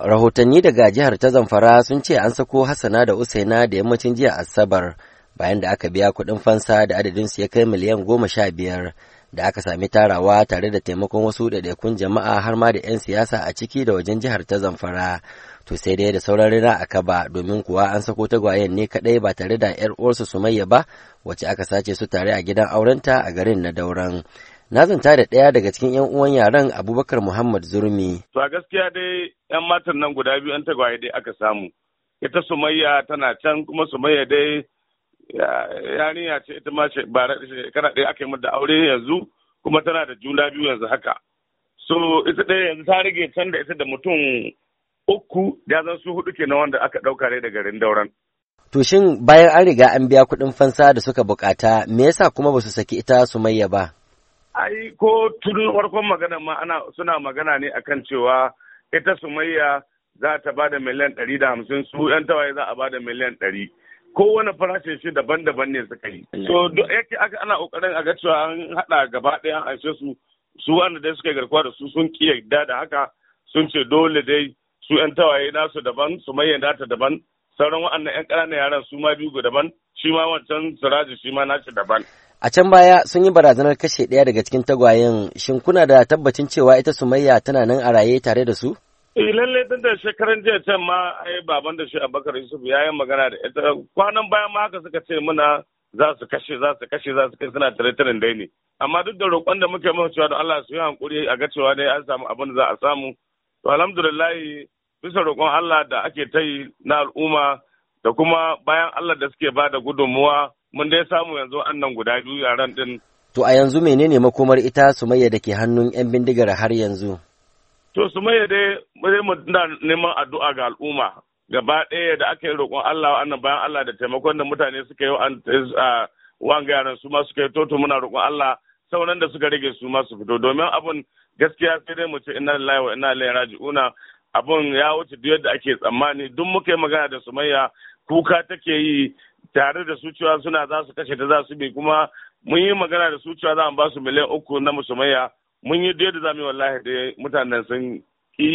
Rahotanni daga jihar ta Zamfara sun ce an sako Hassana da Usaina da yammacin jiya Asabar bayan da aka biya kuɗin fansa da adadin su ya kai miliyan goma sha biyar da aka sami tarawa tare da taimakon wasu ɗaiɗaikun jama'a har ma da 'yan siyasa a ciki da wajen jihar ta Zamfara. To sai dai da sauran rina a kaba domin kuwa an sako tagwayen ne kaɗai ba tare da 'yar uwarsu Sumayya ba wacce aka sace su tare a gidan aurenta a garin na Dauran. na zanta da ɗaya daga cikin 'yan uwan yaren abubakar muhammad zurmi to a gaskiya dai 'yan matan nan guda biyu an tagwaye dai aka samu ita sumayya tana can kuma sumayya dai yarinya ce ita ma shekara ɗaya aka yi mata aure yanzu kuma tana da juna biyu yanzu haka so ita ɗaya yanzu ta rage can da ita da mutum uku ya zan su hudu kenan wanda aka ɗauka ne da garin dauran To shin bayan an riga an biya kuɗin fansa da suka bukata, me yasa kuma ba su saki ita Sumayya ba? ai ko tun farkon magana ma ana suna magana ne akan cewa ita sumayya za ta ba da miliyan ɗari da hamsin su yan tawaye za a ba da miliyan ɗari kowane farashin shi daban-daban ne suka yi so yake aka ana kokarin a ga cewa an haɗa gaba ɗaya an ce su su wanda dai suka garkuwa da su sun ki yadda da haka sun ce dole dai su yan tawaye nasu daban sumayya data daban sauran waɗannan yan ƙananan yaran su ma biyu daban shi ma wancan siraji shi ma nashi daban A can baya sun yi barazanar kashe ɗaya daga cikin tagwayen shin kuna da tabbacin cewa ita Sumayya tana nan a raye tare da su? Eh lalle tun da shekaran jiya can ma ai baban da shi Abubakar Yusuf ya yi magana da ita kwanan baya ma haka suka ce muna za su kashe za su kashe za su kai suna tare tare dai ne amma duk da roƙon da muke mawa cewa da Allah su yi hankuri a ga cewa dai an samu abin da za a samu to alhamdulillah bisa roƙon Allah da ake ta yi na al'umma da kuma bayan Allah da suke ba da gudunmuwa mun dai samu yanzu annan guda biyu yaran din to a yanzu menene makomar ita sumayya da ke hannun yan bindigar har yanzu to sumayya dai zai mu neman addu'a ga al'umma gaba ɗaya da aka yi roƙon Allah nan bayan Allah da taimakon da mutane suka yi wanga yaran su ma suka yi toto muna roƙon Allah sauran da suka rage su ma su fito domin abun gaskiya sai dai mu ce inna lillahi wa inna ilaihi raji'una abun ya wuce duk yadda ake tsammani duk muka yi magana da sumayya kuka take yi tare da su cewa suna za su kashe ta za su bi kuma mun yi magana da su cewa za mu ba su miliyan uku na musumayya mun yi da za mu yi wallahi da mutanen sun ki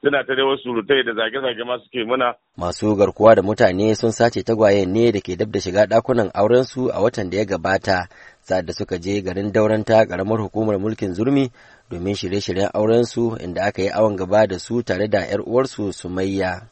suna ta dai wasu rutai da zage-zage ma suke muna. Masu garkuwa da mutane sun sace tagwayen ne da ke dab da shiga ɗakunan aurensu a watan da ya gabata sa da suka je garin dauranta karamar hukumar mulkin zurmi domin shirye-shiryen aurensu inda aka yi awon gaba da su tare da 'yar uwarsu Sumayya.